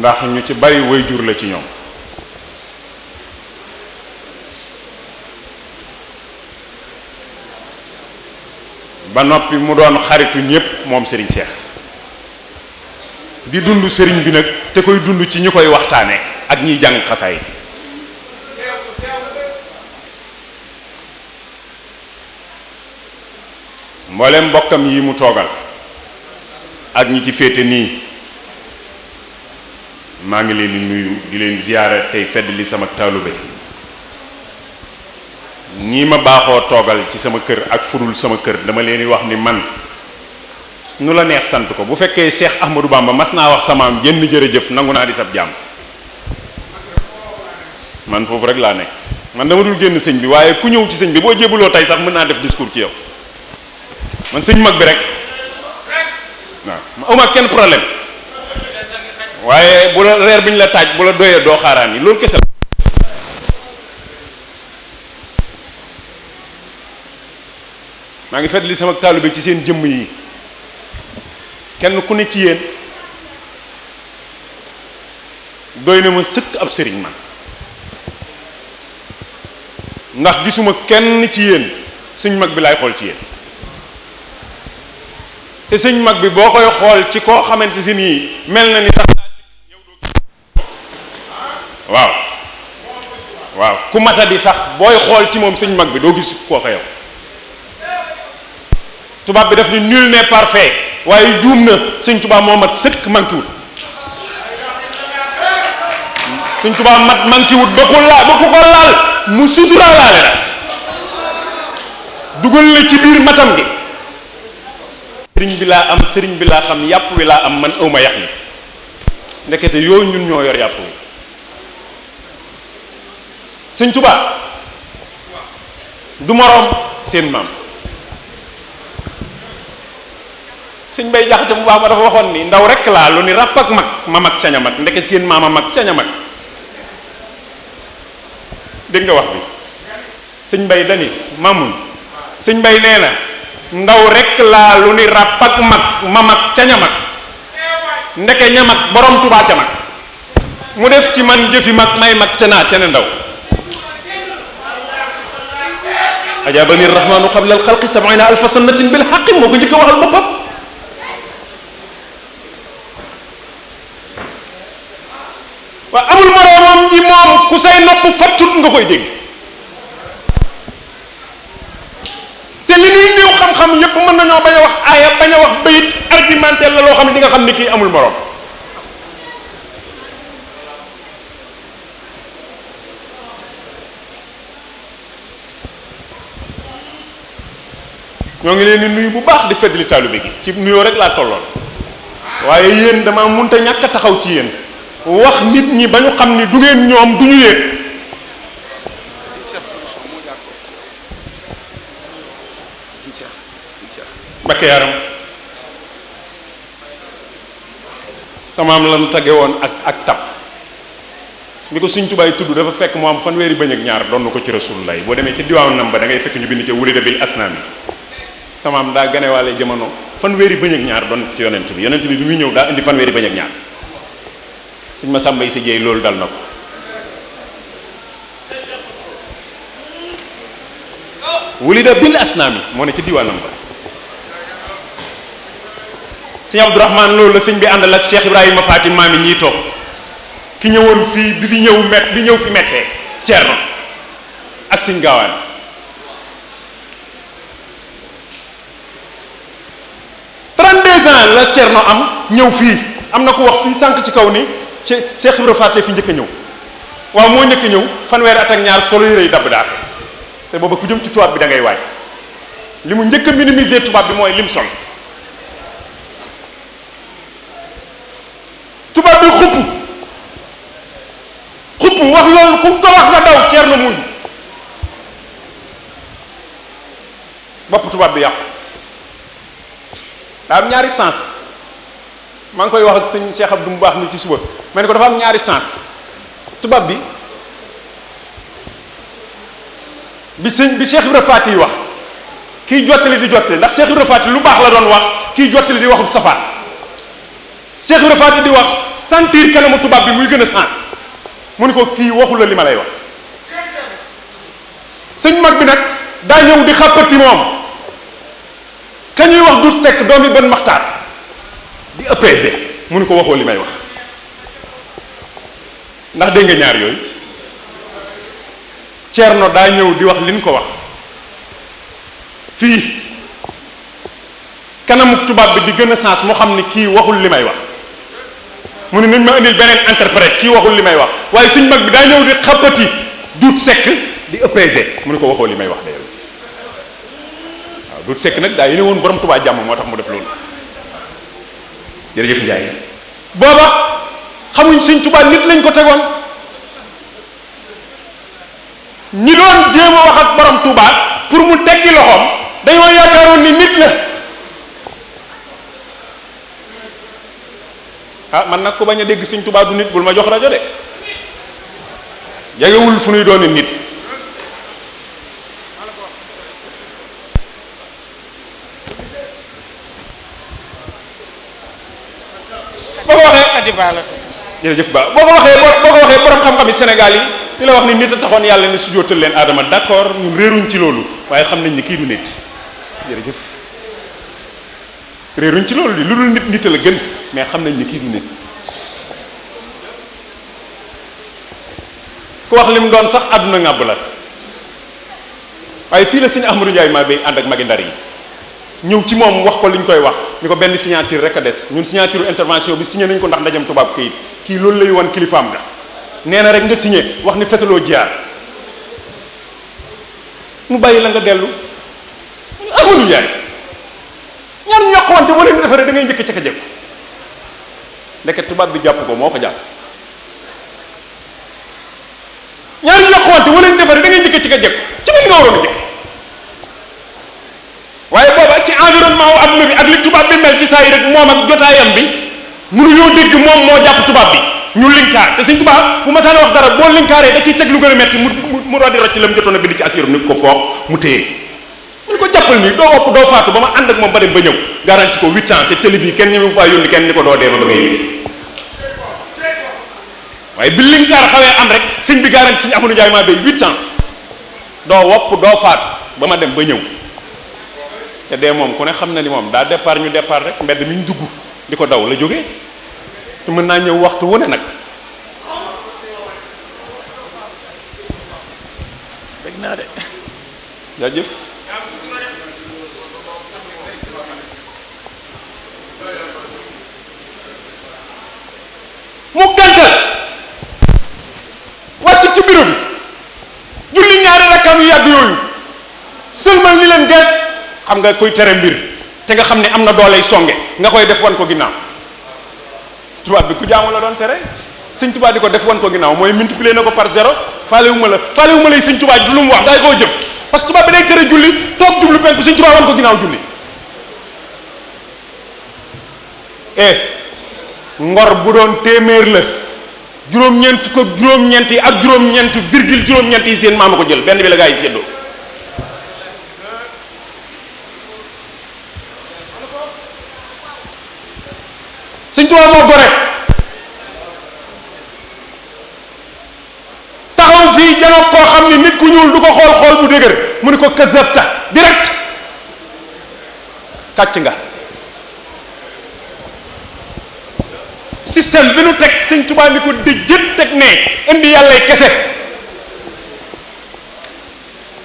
ndax ñu ci bari way jur la ci ñoom ba noppi mu doon xaritu ñépp moom sëriñ Seex di dund sëriñ bi nag te koy dund ci ñi koy waxtaane ak ñiy jàng xasaay mboolem mbokkam yi mu toogal ak ñi ci féete nii maa ngi leen di nuyu di leen ziyaara tey fedd li sama taalube ñii ma baaxoo toogal ci sama kër ak furul sama kër dama leen di wax ni man nu la neex sant ko bu fekkee Cheikh Ahmadou Bamba mas naa wax sama am yenn jëf nangu naa di sab jàmm man foofu rek laa nekk man dama dul génn sëñ bi waaye ku ñëw ci sëñ bi boo jébuloo tey sax mën naa def discours ci yow man sëñ mag bi rek waaw ma kenn problème waaye bu la reer bi ñu la taaj bu la doyee doo xaaraan yi loolu kese la maa ngi fet li sama taalibe ci seen jëmm yi kenn ku ne ci yéen doy na ma sëkk ab sëriñ man ndax gisuma kenn ci yéen suñ mag bi laay xool ci yéen te suñ mag bi boo koy xool ci koo xamante si nii mel na ni sax waaw waaw ku mata di sax booy xool ci moom sëñ mag bi doo gis koo ko yow tubaab bi daf ni nul ne parfait waaye juum na sëñ tubaab moo mat sëkk mankiwut sëñ tubaab mat mankiwut ba ku la ba ku ko laal mu suturaalaale la dugal la ci biir matam gi sëriñ bi laa am sëriñ bi laa xam yàpp wi laa am man awma yax yi ndekete yooyu ñun ñoo yor yàpp wi sëñ Tuubaa du moroom seen maam sëñ bay jaxate mu baax ma dafa waxoon ni ndaw rek laa lu ni ràpp ak mag ma mag caña mag ndeke seen maam a mag caña mag dégg nga wax bi sëñ bay dani maamun sëñ bay nee na ndaw rek laa lu ni ràpp ak mag ma mag caña mag ndeke ña mag borom Tuubaa ca mag mu def ci man jëfi mag may mag ca naa ca ne ndaw ajaabani rahmaanu qabla alxalqi sabina alfa moo ko njëkk a waxal boppam waa amul moroomam ñi moom ku say nopp fattut nga koy dégg te li ñuy néew xam-xam yépp mën nañoo bañ a wax aaya bañ a wax bayit argumenté la loo xam ne di nga xam ni kii amul moroom ñoo ngi leen ni nuyu bu baax di feddali taalibe bi ci nuyoo rek laa tolloon waaye yéen damaa munta ñàkk taxaw ci yéen wax nit ñi ba ñu xam ni du ngeen ñoom du ñu yéen Mbakke yaram samaam la mu tagge woon ak ak tab bi ko Sëriñ Tuubaa tudd dafa fekk mu am fanweeri bëñ ak ñaar doon ko ci Rasulullah boo demee ci diwaan nam ba da fekk ñu bind ci wulida bil asnaam samaam daa ganewaale jamono fanweeri bëñ ak ñaar doon ci yonent bi yonent bi bu muy ñëw daa indi fanweeri bëñ ak ñaar suñ ma sàmba yi sa jeey loolu dal na ko wulida bil asnaami moo ne ci diwaanam ba sëñ Abdourahman loolu la sëñ bi àndal ak Cheikh Ibrahima Fatim maami ñiy toog ki ñëwoon fii bi fi ñëw met bi ñëw fi mettee Thierno ak sëñ Gaawaan ans la Cerno am ñëw fii am na ko wax fii sant ci kaw ni ci Cheikh fàtte fi njëkk a ñëw waaw moo njëkk ñëw fanweeri at ak ñaar solo yëre yi dabb daaxe te booba ku jëm ci tubaab bi dangay ngay waaj li mu njëkk a minimiser tubaab bi mooy lim sol tubaab bi xupp xupp wax loolu ku ko wax nga daw Cerno muñ bopp tubaab bi yàqu daa am ñaari sens maa ngi koy wax ak sëñ Cheikh du mu baax mi ci suba ma ni ko dafa am ñaari sens tubaab bi bi sëñ bi Cheikh Ibra Faati yi wax kiy jottali di jottali ndax Cheikh Ibra Faati lu baax la doon wax kiy jottali di waxul safaan Cheikh Ibra di wax sentir kanamu tubaab bi muy gën a sens mu ni ko kii waxul li ma lay wax sëñ mag bi nag daa ñëw di xàppati moom ka ñuy wax dut sekk doomi benn maxtaar di apaiser mu ne ko waxoo li may wax ndax dégg ñaar yooyu Cerno daa ñëw di wax liñ ko wax fii kanamu tubaab bi di gën a sens moo xam ni kii waxul li may wax mu ne nañ ma indil beneen interprète kii waxul li may wax waaye suñ mag bi daa ñëw di xappati dut sekk di apaiser mu nu ko waxoo li may wax waaw sekk nag daa yéene woon borom Tuubaa jàmm moo tax mu def loolu jërëjëf Ndiaye booba xamuñ sëñ Tuubaa nit lañ ko tegoon ñi doon jéem a wax ak pour mu teggi loxoom dañoo yaakaaroon ni nit la ah man nag ko bañ a dégg sëñ Tuubaa du nit bul ma jox rajo de yegewul fu nuy doon nit Amady Ba la. jërëjëf Ba boo ko waxee boo ko waxee borom xam-xami Sénégal yi di la wax ni nit a taxoon yàlla ne su jootal leen Adama d'accord ñun réeruñ ci loolu waaye xam nañ ni kii du nit ci loolu lu dul nit nit la gën mais xam nañ ni kii du wax li doon sax àdduna ngàbb la waaye fii la suñu Ahmadou Ndiaye maa bay ànd ak magi ndar yi. ñëw ci moom wax ko li ñu koy wax ñu ko benn signature rek a des ñun signature intervention bi signé nañ ko ndax ndajam tubaab këyit kii loolu lay wan kilifaam nga nee na rek nga signé wax ni fetaloo jiyaar mu bàyyi la nga dellu Ahmadou Ndiaye ñaar ñu yàqwante boo ngay njëkk ca ka jëm tubaab bi jàpp ko moo ko jàpp ñaar ñu yàqwante boo leen defaree da ngay ci ka jëm ci man nga waroon a jëkk gouvernement wu adduna bi ak li tubaab bi mel ci saa yi rek moom ak jotaayam bi mënuñoo dégg moom moo jàpp tubaab bi ñu linkaar te sëñ Tuubaa bu ma saan wax dara boo linkaaree da ciy teg lu gën a metti mu mu mu ko foox mu doo wopp ba ma ànd ak ba dem ko huit ans te télé bii kenn ñëwee faa yónni kenn ni ko doo dee ba ba ngay ñëw waaye bi linkaar xawee am rek sëñ bi garanti sëñ Amadou Ndiaye maa bay huit ans doo wopp doo faatu ba ma dem ba ñëw te dee moom ku ne xam na ni moom daa départ ñu départ rek mbedd mi ñu dugg di ko daw la jógee te mën naa ñëw waxtu wu ne nag. dégg naa de. mu gàntal wàcc ci bureau bi. xam nga kuy tere mbir te nga xam ne am na dooley songe nga koy def wan ko ginnaaw tubaab bi ku jaamu la doon tere sëñ tubaab di ko def wan ko ginnaaw mooy multiplier na ko par zéro faale wu ma la faale wu lay sëñ tubaab du lu mu wax day koo jëf parce que tubaab bi day tere julli toog jublu penku sëñ tubaab wan ko ginnaaw julli eh ngor bu doon téeméer la juróom-ñeent fukk ak juróom-ñeent yi ak juróom-ñeent virgule juróom-ñeent yi seen maama ko jël benn bi la yi séddoo ko xool xool mu ni ko kazabta direct kàcc nga système bi nu teg sëñ Tuubaa ni ko dijjët teg ne indi yàllay kese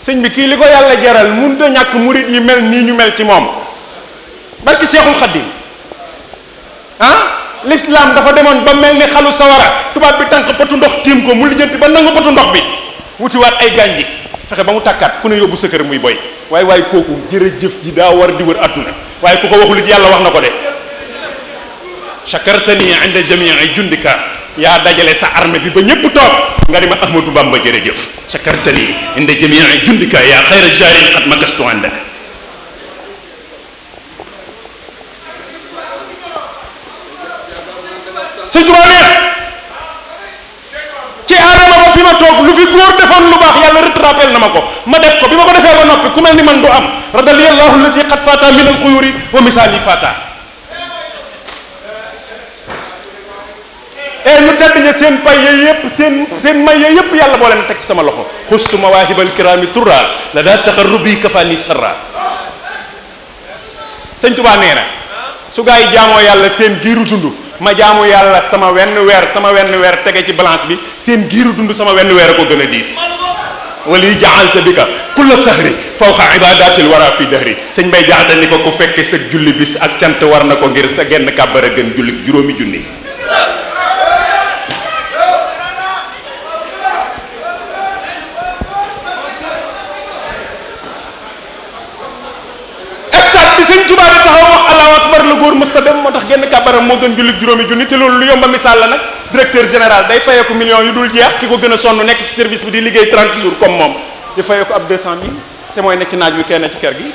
sëñ bi kii li ko yàlla jaral mënut a ñàkk murit yi mel nii ñu mel ci moom barki Seexul Xaddim ah l'islam dafa demoon ba mel ni xalu sawara tubaab bi tànk potu ndox tiim ko mu lijjanti ba nangu potu ndox bi wutiwaat ay gànji fexe ba mu tàkkaat ku ne yóbbu sa kër muy boy waaye waaye kooku jëf ji daa war di wër àdduna waaye ku ko waxul it yàlla wax na ko de chakartani inda jamii jundikaa yaa dajale sa armée bi ba ñëpp toog nga ni ma Ahmadou jëre jëf chakartani inda jamii jundika yaa xayra jaarin xat ma gastu àndaka sa jumaa neex ma toog lu fi góor defoon lu baax yàlla rattrapel na ma ko ma def ko bi ma ko defee ba noppi ku mel ni man du am radiyallahu allazi qad fata min al xuyuri wa misaali fata e eh, ñu tedd ña seen pay ya yëpp seen seen may ya yëpp yàlla boo leen teg sama loxo xustu mawaahibal kiraami turra la daa taxarrubi kafaani sarra sëñ tubaa nee na su gaa yi jaamoo yàlla seen giiru dund ma jaamu yàlla sama wenn weer sama wenn weer tege ci balance bi seen giiru dund sama wenn weer a ko gën a diis wala yi jaxalta bi ka kulla sahri fawqa ibadatil wara fi ri sëñ bay jaxalta ni ko ku fekke sa julli bis ak cant war na ko ngir sa genn kàbbar a gën julli juróomi junni na góor mësta dem moo tax genn kabaram moo gën jullit juróomi junni te loolu lu yomba misaal la nag directeur général day fayeeku millions yu dul jeex ki ko gën a sonn nekk ci service bi di liggéey 30 jours comme moom di fayeeku ab 200 mille te mooy ne naaj wi kenn ci kër gi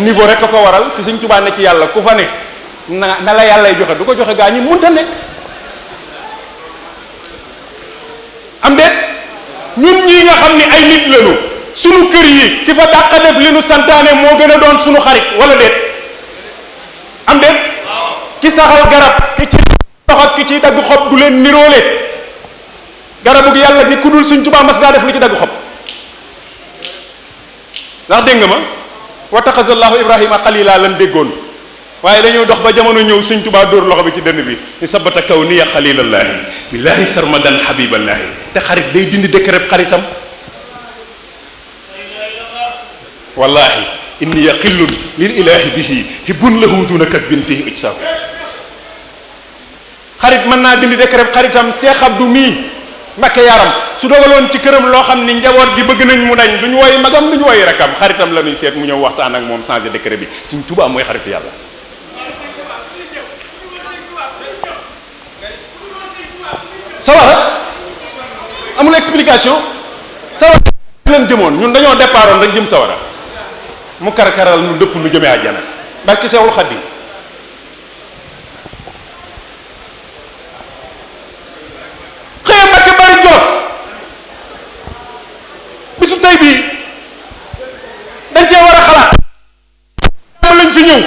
niveau rek a ko waral fi suñ tubaa ne ci yàlla ku fa ne na na la yàllay joxe du ko joxe gaa ñi munta nekk am déet ñun ñi nga xam ni ay nit lañu sunu kër yi ki fa dàq def li nu santaane moo gën a doon sunu xarit wala déet am déet ki saxal garab ki ci dox ki ci dagg xob du leen niroole garabu gi yàlla gi ku dul suñ tubaa mas daa def la ci dagg xob ndax dégg nga ma wa taxasallahu ibrahima xalila lan déggoon waaye dañoo dox ba jamono ñëw suñ tubaa dóor loxo bi ci dënn bi ni sabata kaw niya xalilallaahi billaahi sarmadan xabiballaahi te xarit day dindi dëkkëreb xaritam wallaahi inni yaqillun lil ilaahi bihi hibbun lahu duna kasbin fihi ijsaaw xarit mën naa bind décret xaritam Cheikh Abdou mii Mbakke yaram su dogaloon ci këram loo xam ni njaboot gi bëgg nañ mu dañ duñ woy magam duñ woy rakam xaritam la ñuy seet mu ñëw waxtaan ak moom changé décret bi Sëriñ Tuubaa mooy xaritu yàlla ça va amul explication sawara lan jëmoon ñun dañoo départoon rek jëm sawara mu karkaral nu dëpp nu jëme àjjana barki Seexul Xadiim xëye Mbàkke bari jolof bisu tey bii dañ cee war a xalaat fi ñëw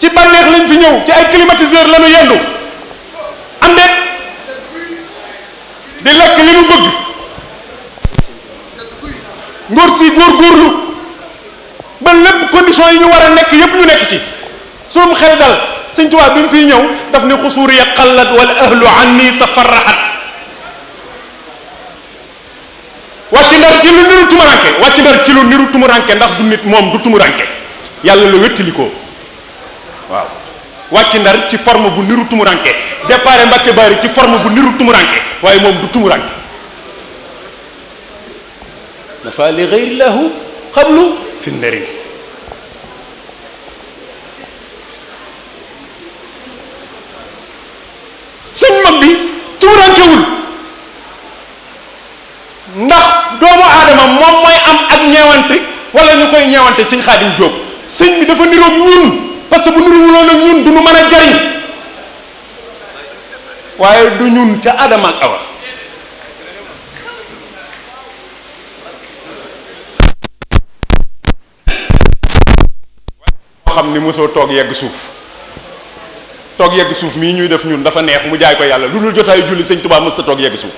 ci bànneex lañ fi ñëw ci ay climatiseur lañu yendu am de di lekk li nu bëgg ngóor góor góorlu condition yi ñu war a nekk yépp ñu nekk ci mu xel dal sëñ Tuubaa bi mu fiy ñëw daf ne xusuuriya qallat wal ahlu anni tafarraxat wàcc ndar ci lu niru tumuranke wàcc ndar ci lu niru tumuranke ndax du nit moom du tumuranke yàlla la wéttalikoo waaw wàcc ndar ci forme bu niru tumuranke départ Mbàkke Bari ci forme bu niru tumuranke waaye moom du tumuranke nafa li gayrillahu xablu fi nari suñ mag bi tuurankewul ndax doomu aadama moom mooy am ak ñeewante wala ñu koy ñeewante sëñ Xaadim Jóob sëñ bi dafa niroog ñun parce que bu niruwuloon ak ñun du ñu mën a jariñ waaye du ñun ca Adama ak Awa xam ni mosoo toog yegg suuf toog yegg suuf mii ñuy def ñun dafa neex mu jaay ko yàlla lu dul jotaayu julli sëñ Tuubaa mës ta toog yegg suuf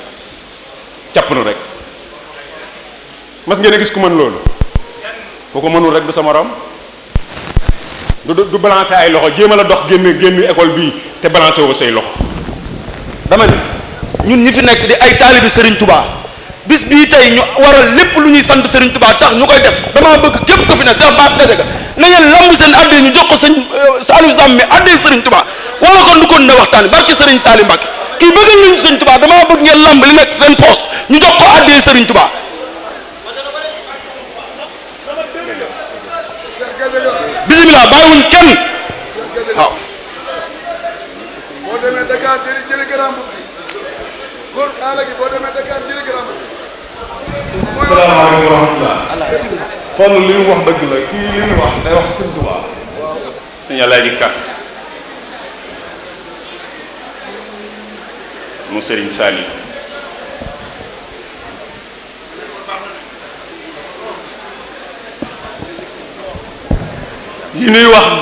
rek mas ngeen a gis ku mën loolu ku ko mënul rek du sa morom du du balancer ay loxo jéem a la dox génn génn école bii te balancer woo say loxo dama ñun ñu fi nekk di ay taalibi sëriñ Tuubaa bis bi tey ñu a lépp lu ñuy sant sëriñ tubaa tax ñu koy def damaa bëgg képp ko fi ne Cheikh Bara Gajaga na ngeen lamb seen addee ñu jox ko sëñ euh, Saliou Samb mi addee Serigne Touba wala kon du kon ne waxtaan barke Serigne Saliou Mbacke kii bëggal nañu Serigne Touba damaa bëgg ngeen lamb li nekk seen poste ñu jox ko addee Serigne Touba. bisimilah bàyyiwuñ kenn boo demee Dakar jëli jëli salaamaaleykum wa li mu wax la kii li wax day wax sëñ Tuubaa. sëñ Alaaji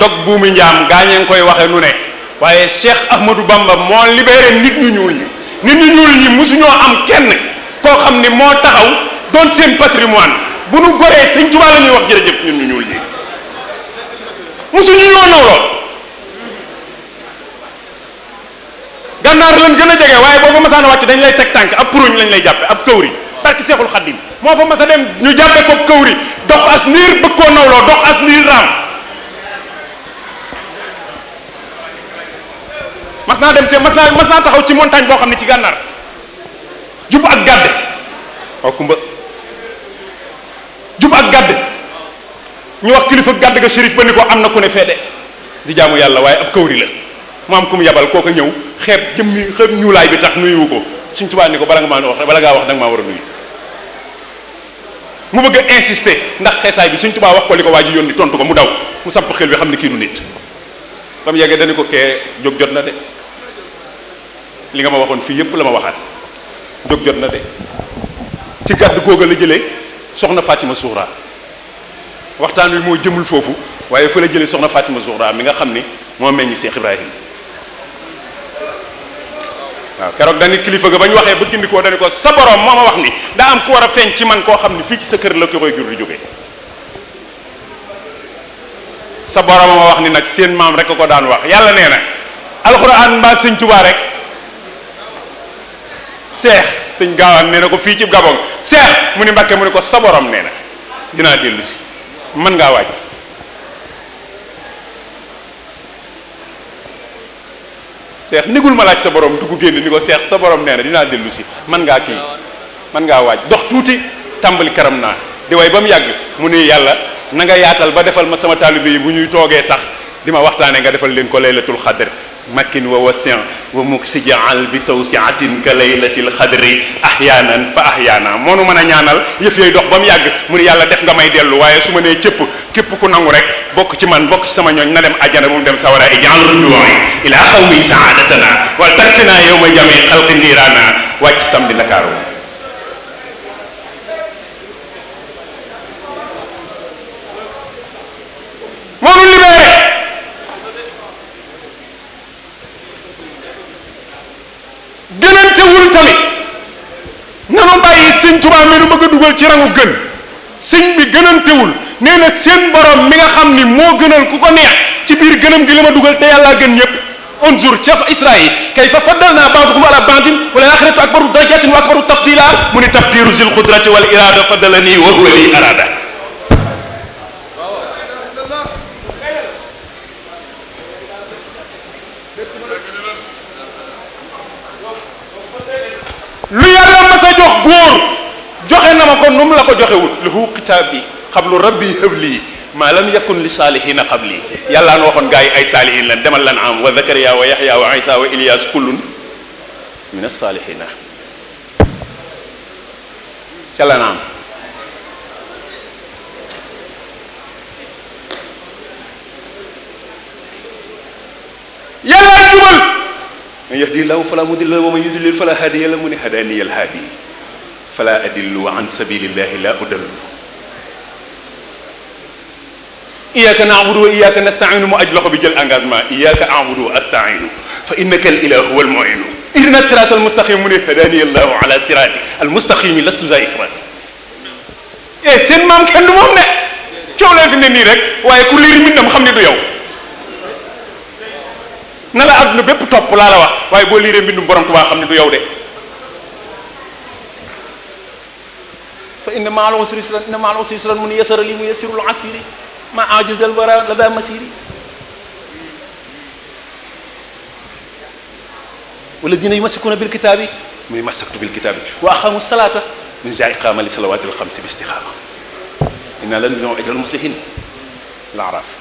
dog buumu njaam gaañee nga koy waxe nu ne waaye Cheikh Ahmadou Bamba moo libéré nit ñu ñuul ñi nit ñu ñuul ñi mosuñoo am kenn koo xam ni moo taxaw doon seen patrimoine bu nu goree sëñ Tuubaa la ñuy wax jërëjëf ñun ñu ñuul ñi mosuñu ñoo nawloo gànnaar lañ gën a jege waaye boo fa masaan wàcc dañ lay teg tànk ab puruñ lañ lay jàppe ab kawri barki seexul xaddim moo fa mas a dem ñu jàppe ko kawri dox as bëgg koo nawloo dox as niir raam mas naa dem te mas naa mas taxaw ci montagne boo xam ne ci gànnaar jub ak gàdde jub ak gàdd ñu wax kilifa gàdd ga shérif ba ni ko am na ku ne fee di jaamu yàlla waaye ab kawri la mu am ku mu yabal kooka ñëw xeeb jëm ni xeeb ñuulaay bi tax nuyu ko suñ tubaab ni ko bala nga maa wax bala ngaa wax danga maa war a nuyu mu bëgg a ndax xeesaay bi suñ tubaab wax ko li ko waa ji yónni tontu ko mu daw mu samp xel bi xam ne kii du nit ba mu yeggee dañu ko kee jóg jot na de li nga ma waxoon fii yépp la ma waxaat jóg jot na de ci gàdd googa la soxna Fatima Suura waxtaan wi moo jëmul foofu waaye fa la jëlee soxna Fatima Suura mi nga xam ni moo meññ Cheikh Ibrahim waaw keroog dañu kilifa ga ba ñu waxee ba gindi ko dañu ko sa borom moo ma wax ni daa am ku war a feeñ ci man koo xam ni fii ci sa kër la ko koy jur di jóge sa borom ma wax ni nag seen maam rek a ko daan wax yàlla nee na alxuraan mbaa sëñ Tuubaa rek seex sëñ gaawaan nee na ko fii ci Gabon seex mu ni Mbàkke mu ni ko sa borom nee na dinaa dellu si mën ngaa waaj seex nigul ma laaj sa borom dugg génn ni ko seex sa borom nee na dinaa dellu si mën ngaa kii mën ngaa waaj dox tuuti tàmbali karam naa di way ba mu yàgg mu ni yàlla na nga yaatal ba defal ma sama taalibe bu ñuy toogee sax di ma waxtaane nga defal leen ko laylatul xadr makkin wa wasin wa muksi jaal bi tawsiatin ka laylatil xadri ahyaanan fa ahyaana moonu mën a ñaanal yëf yooyu dox ba yàgg mu yàlla def nga may dellu waaye su ma nee cëpp képp ku nangu rek bokk ci man bokk ci sama ñooñ na dem ajjana bu mu dem sawara ijaal rujuwaay ilaa xawmi saadatana wala yow ma jami xalqi ndiiraana wàcc samedi Ndakaaru moonu libéré dugal ci rangu gën sëñ bi gënantewul nee na seen borom mi nga xam ni moo gënal ku ko neex ci biir gënam gi la ma dugal te yàllaa gën ñëpp unzur ca Israil kayfa faddalnaa ba'dakum alaa ba'din wa lal-aaxiratu akbaru darajaatin wa akbaru tafdiilaa mu ni taqdiiru zil qudrati wal iraada faddalanii wa huwa lii araada lu yàlla mas a jox góor joxe na ma ko nu mu la ko joxewul lahu kitaab bi xablu rabbi hëblii maa lam yakun li saalihiina xablii yàlla na waxoon gaa yi ay saalihiin lan demal lan am wa zakariya wa yaxya wa isa wa ilyas kullun min as-saalihiina ca lan am yàlla jubal man yahdi llaahu falaa mudilla lahu wa man yudlil falaa haadiya lahu mu ne hadaaniya al-haadi fala adillu an sabilillahi la udallu iyyaka na'budu wa iyyaka nasta'inu mu aj loxo bi jël engagement iyyaka a'budu wa asta'inu fa innaka al-ilahu wal mu'inu ihdina sirata almustaqim mu ne hadani allahu ala sirati almustaqimi lastu za ifrati e eh, seen maam kenn du moom ne coow leen fi ne nii rek waaye ku liir mindam xam ne du yow na la àdduna bépp topp laa la wax waaye boo liiree mbindum borom Tuubaa xam ne du yow de fa inna ma'al usri yusran inna ma'al usri yusran mun yasara li mu yasirul asiri ma ajizal wara la daa masiri walazina yumassikuna bil kitaabi mu ymassaktu bil kitaabi wa aqamu salaata min jaa iqaama li salawaati al xamsi bi istixaama inna lan bi ñoo ajral muslihin la araaf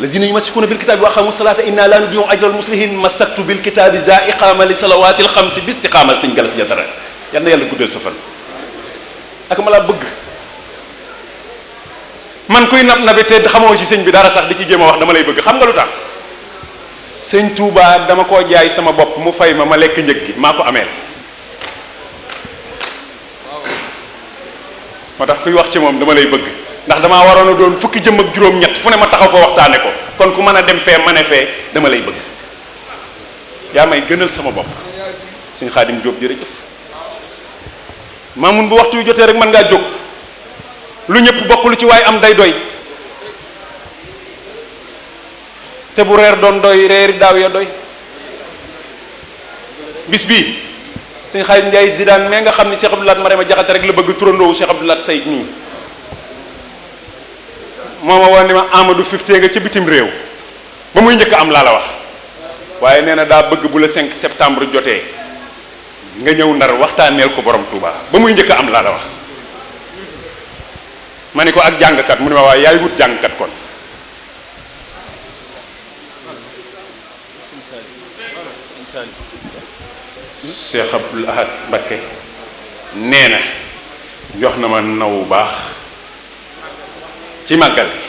lazina yumassikuna bil kitaabi wa aqamu salaata inna la nudiu ajral muslihin masaktu bil kitaabi za iqaama li salawaatil xamsi bi istiqaama sëñ galas jatara yal na yàlla guddal sa fan ak ma laa bëgg man kuy nab nabi te xamoo ci sëñ bi dara sax di ci jéem a wax dama lay bëgg xam nga lu tax sëñ Touba dama koo jaay sama bopp mu fay ma ma lekk njëg gi maa ko ameel moo tax kuy wax ci moom dama lay bëgg ndax damaa waroon a doon fukki jëm ak juróom-ñett fu ne ma taxaw fa waxtaane ko kon ku mën a dem fee mën fee dama lay bëgg yaa may gënal sama bopp suñ xaadim jóob jërëjëf maamun bu waxtu yu jotee rek mën ngaa jóg lu ñëpp bokk lu ci waay am day doy te bu reer doon doy reeri daaw ya doy bis bii suñ xaadim njaay daan mais nga xam ni Cheikh Abdou Lat ma rema jaxate rek la bëgg turandoowu Cheikh Abdou laat say nii moo ma woon ni ma Amadou Fifté nga ci bitim réew ba muy njëkk am laa la wax waaye nee na daa bëgg bu la 5 septembre jotee nga ñëw ndar waxtaaneel ko boroom Touba ba muy njëkk am laa la wax ma ne ko ak jàngkat mu ne ma waaye yaay wut jàngkat kon Cheikh Abdoul Ahad Mbacké nee na jox na ma naw bu baax ci màggal gi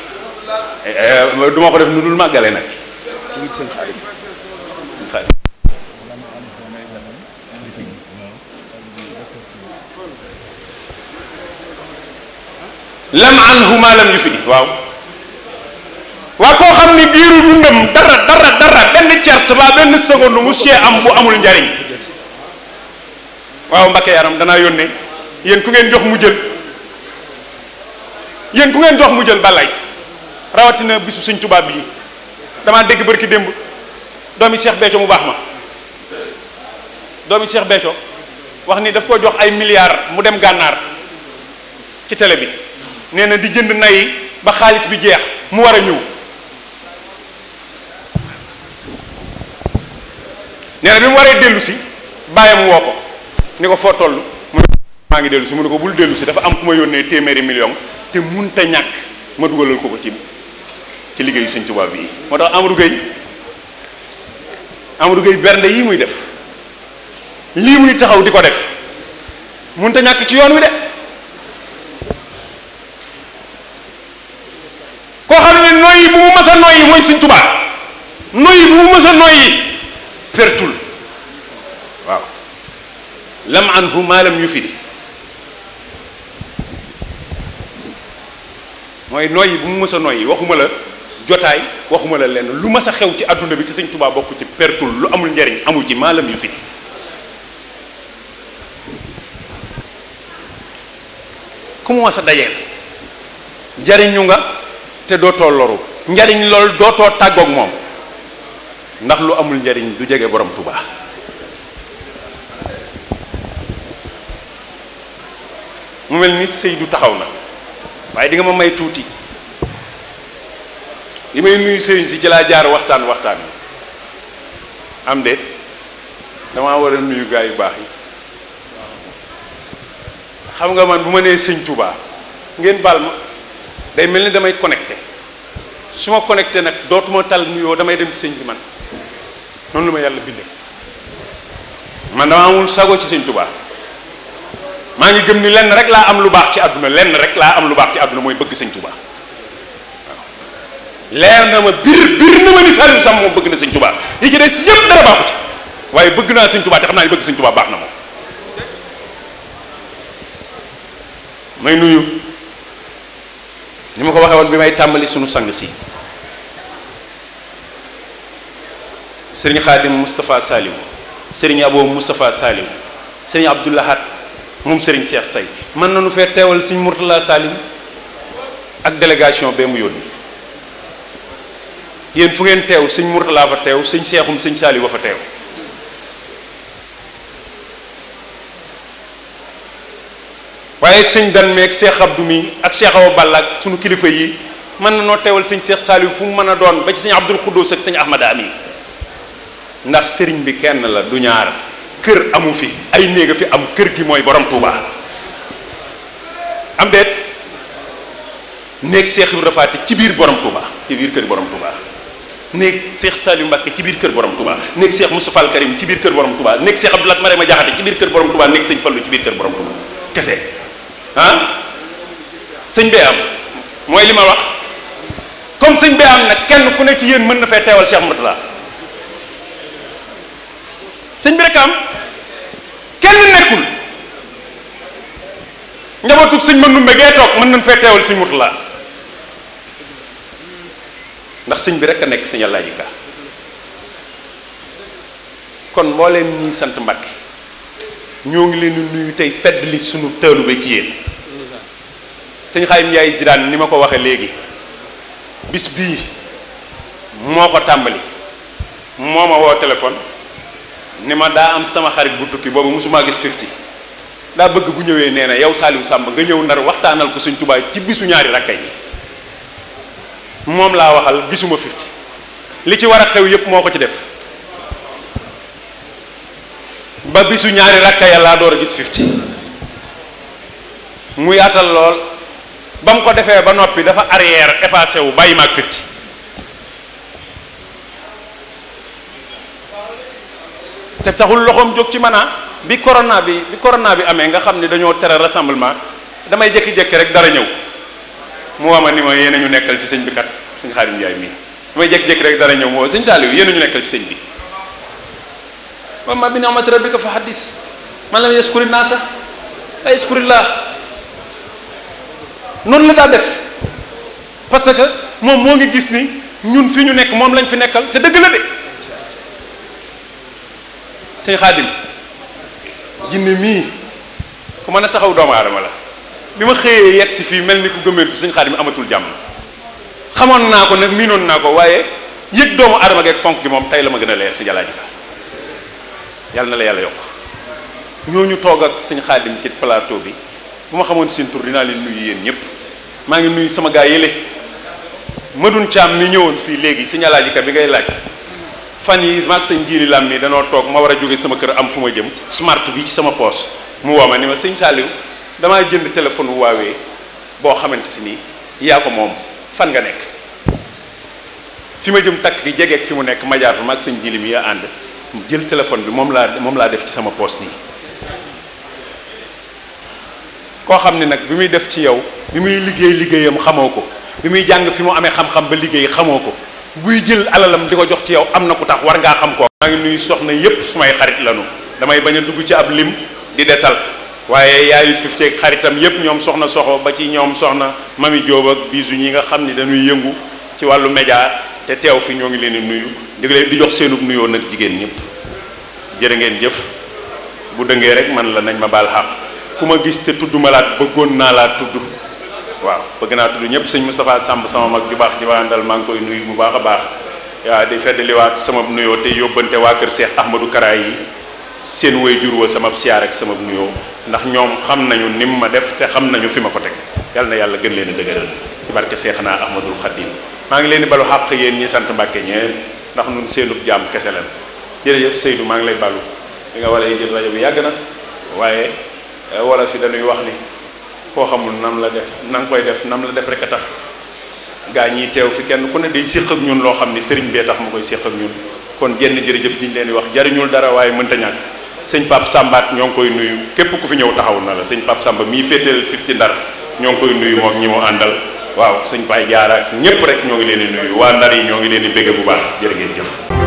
eh, eh, ko def nu dul màggale nag sëñ lam anhu ma lam yu fi di waaw waa koo xam ne diiru dundam dara dara benn cerce ba benn seconde mu see am bu amul njariñ waaw Mbacke yaram danaa yónnee yéen ku ngeen jox mu jël yéen ku ngeen jox mu jël balaay si rawatina bisu sëñ tubaab bi damaa dégg barki démb doomi seex Béthio mu baax ma doomi seex Béthio wax ni daf ko jox ay milliards mu dem gànnaar ci tele bi nee na di jënd nay ba xaalis bi jeex mu war a ñëw nee na bi mu waree dellu si bàyyam woo ko ni ko foo toll mu ne maa ngi dellu si mu ne ko bul dellu si dafa am ku ma yónnee téeméeri million te munta ñàkk ma dugalal ko ko ci ci liggéeyu Sëñ Tuubaa bi moo tax Amadou Gueye Amadou Gueye bernde yii muy def lii muy taxaw di ko def munta ñàkk ci yoon wi de koo xam ne noyyi bu mu mës a noyyi mooy Sëñ Tuubaa noyyi bu mu mës a noyyi pertul waaw lam anhu maalam yu fi di mooy noyyi bu mu mësa a noyyi waxuma la jotaay waxuma la lenn lu mas a xew ci àdduna bi ci sëñ Tuubaa bokk ci pertul lu amul njariñ amu ji maalam yu fi ku mu mas a dajeel njariñu nga te dootoo loru njariñ loolu dootoo tàggoog moom ndax lu amul njariñ du jege borom Tuubaa mu mel ni Seydou taxaw na waaye di nga ma may tuuti li may nuyu sëriñ si ci laa jaar waxtaan waxtaan am de damaa war a nuyu gaa yu baax yi xam nga man bu ma nee sëñ Touba ngeen baal ma day mel ni damay connecté su ma connecté nag dootuma tal nuyoo damay dem ci sëñ bi man noonu lu ma yàlla bindee man dama amul sago ci sëñ Touba. maa ngi gëm ni lenn rek laa am lu baax ci àdduna lenn rek laa am lu baax ci àdduna mooy bëgg sëñ Touba waaw leer na ma biir biir na ma ni Saliou Sam moom bëgg na sëñ Touba yi ci des yëpp dara baaxu ci waaye bëgg naa sëñ Touba te xam naa ni bëgg sëñ Touba baax na moom may nuyu ni ma ko waxee woon bi may tàmbali sunu sang si sëriñ Xaadim Moustapha Saliou sëriñ Abo Moustapha Saliou sëriñ Abdoulahat moom Serigne Cheikh Say mën nañu fee teewal Serigne Mourtala Salim ak délégation bee mu yónni yéen fu ngeen teew Serigne Mourtala fa teew Serigne Cheikhoum Serigne Salim wa fa teew waaye sëñ Dan meeg Cheikh du mi ak Cheikh Awa Balla ak sunu kilifa yi mën na noo teewal sëñ seex Saliou fu mu mën a doon ba ci sëñ Abdoul Khoudous ak sëñ Ahmada Ami ndax sëriñ bi kenn la du ñaar kër amu fi ay néega fi am kër gi mooy borom Touba am deet néeg Cheikh Ibrahima Faty ci biir borom Touba ci biir kër borom Touba néeg Cheikh Saliou Mbacké ci biir kër borom Touba néeg seex Moustapha Al Karim ci biir kër borom Touba néeg Cheikh Abdoulaye Marema Jaxate ci biir kër borom Touba néeg sëñ Fallou ci biir kër borom Touba kese ah sëñ bee am mooy li ma wax comme sëñ bee am nag kenn ku ne ci yéen mën na fee teewal Cheikh Mourtala sëñ bi rek am kenn nekkul njabootug sëñ mën numbe gee toog mën nañ fee teewal sëñ ndax sëñ bi rek a nekk sëñ Alaaji Ka kon mbooleem ñii sant Mbàkke ñoo ngi leen di nuyu tey fedd li sunu taalube ci yéen sëñ Xaayim Njaay Zidane ni ma ko waxee léegi bis bii moo ko tàmbali moo ma woo téléphone ni ma daa am sama xarit bu tukki boobu mosumaa gis fifty daa bëgg bu ñëwee nee na yow Saliou Samb nga ñëw ndar waxtaanal ko Sëñ Tuubaa ci bisu ñaari rakka yi moom laa waxal gisuma fifty li ci war a xew yépp moo ko ci def ba bisu ñaari rakka laa door a gis fifty mu yaatal lool ba mu ko defee ba noppi dafa arrière effacé wu bàyyi ma fifty te taxul loxoom jóg ci mana bi corona bi bi corona bi amee nga xam ne dañoo tere rassemblement damay jékki-jékki rek dara ñëw mu wama ni ma yéen ñu nekkal ci sëñ bi kat suñu xaarim Ndiaye mii damay jékki-jékki rek dara ñëw moo sëñ Saliou yéen a ñu nekkal ci sëñ bi wama bi ni'mati rabbika fa haddis man lam yaskuri naasa la yaskurillah noonu la daa def parce que moom moo ngi gis ni ñun fi ñu nekk moom lañ fi nekkal te dëgg la de sëñ xaadim jinne mii ku mën a taxaw doomu aadama la bi ma xëyee yegg si fii mel ni ku gëmmentu sëñ xaadim amatul jàmm xamoon naa ko nag miinoon naa ko waaye yëg doomu aadama geeg fonk gi moom tey la ma gën a leer si jalaaji ka yàlla na la yàlla yokk ñooñu toog ak sëñ xaadim ci plateau bi bu ma xamoon seen tur dinaa leen nuyu yéen ñëpp maa ngi nuyu sama gaa yële madun caam mi ñëwoon fii léegi sëñ alaaji ka bi ngay laaj fan yi maag sëñ jiili lam mi danoo toog ma war a jóge sama kër am fu ma jëm smart bi ci sama poos mu woo ma ni ma sëñ Saliou damaa jënd téléphone Huawei boo xamante si nii yaa moom fan nga nekk fi ma jëm takk gi jegeeg fi mu nekk ma jaar fa maag sëñ jiili ànd jël téléphone bi moom laa moom laa def ci sama poos nii koo xam ni nag bi muy def ci yow bi muy liggéey liggéeyam xamoo ko bi muy jàng fi mu amee xam-xam ba liggéey xamoo ko buy jël alalam di ko jox ci yow am na ku tax war ngaa xam ko maa ngi nuyu soxna yépp sumay xarit lanu damay bañ a dugg ci ab lim di desal waaye yaayu fifteeg xaritam yépp ñoom soxna soxo ba ci ñoom soxna mami Jóob ak bisu ñi nga xam ni dañuy yëngu ci wàllu média te teew fi ñoo ngi leen di nuyu di di jox seenub nuyoo nag jigéen ñëpp jërë ngeen jëf bu dëngee rek man la nañ ma baal xaq ku ma gis te tudd ma laat bëggoon naa laa tudd waaw bëgg naa tudd ñëpp sëñ Moustapha Samb sama mag ju baax ji waa maa ngi koy nuyu bu baax a baax waaw di feddaliwaat sama nuyoo te yóbbante waa kër Seex Ahmadou Kara yi seen way jur wa sama siyaar ak sama nuyoo ndax ñoom xam nañu ni mu ma def te xam nañu fi ma ko teg yàlla na yàlla gën leen a dëgëral ci barke Seexna Ahmadul Xadim maa ngi leen di balu xàq yéen ñi sant Mbàkke ñee ndax nun seenub jaam kese lan jërëjëf Seydou maa ngi lay balu li nga wala rajo bi yàgg na waaye eh, wala fi dañuy wax ni koo xamul nam la def na koy def nam la def rek a tax gaa ñi teew fi kenn ku ne day séq ñun loo xam ni sëriñ bee tax ma koy séq ak ñun kon genn génn jërëjëf ñu leen di wax jariñul dara waaye mënta ñàkk sëñ Pape Sambaat ñoo ngi koy nuyu képp ku fi ñëw taxaw na la sëñ Pape Samba mii féeteel fif ci ndar ñoo koy nuyu moom ñi mu àndal waaw sëñ Paye Diarra ak ñëpp rek ñoo ngi leen di nuyu waa ndar yi ñoo ngi leen di bégge bu baax jërë ngeen jëf